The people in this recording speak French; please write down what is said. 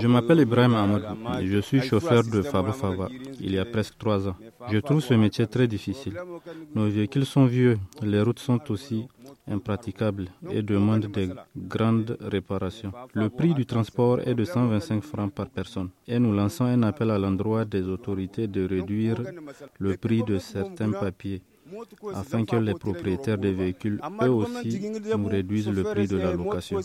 Je m'appelle Ibrahim Ahmad je suis chauffeur de Fava Fava il y a presque trois ans. Je trouve ce métier très difficile. Nos véhicules sont vieux, les routes sont aussi impraticables et demandent de grandes réparations. Le prix du transport est de 125 francs par personne et nous lançons un appel à l'endroit des autorités de réduire le prix de certains papiers afin que les propriétaires des véhicules, eux aussi, nous réduisent le prix de la location.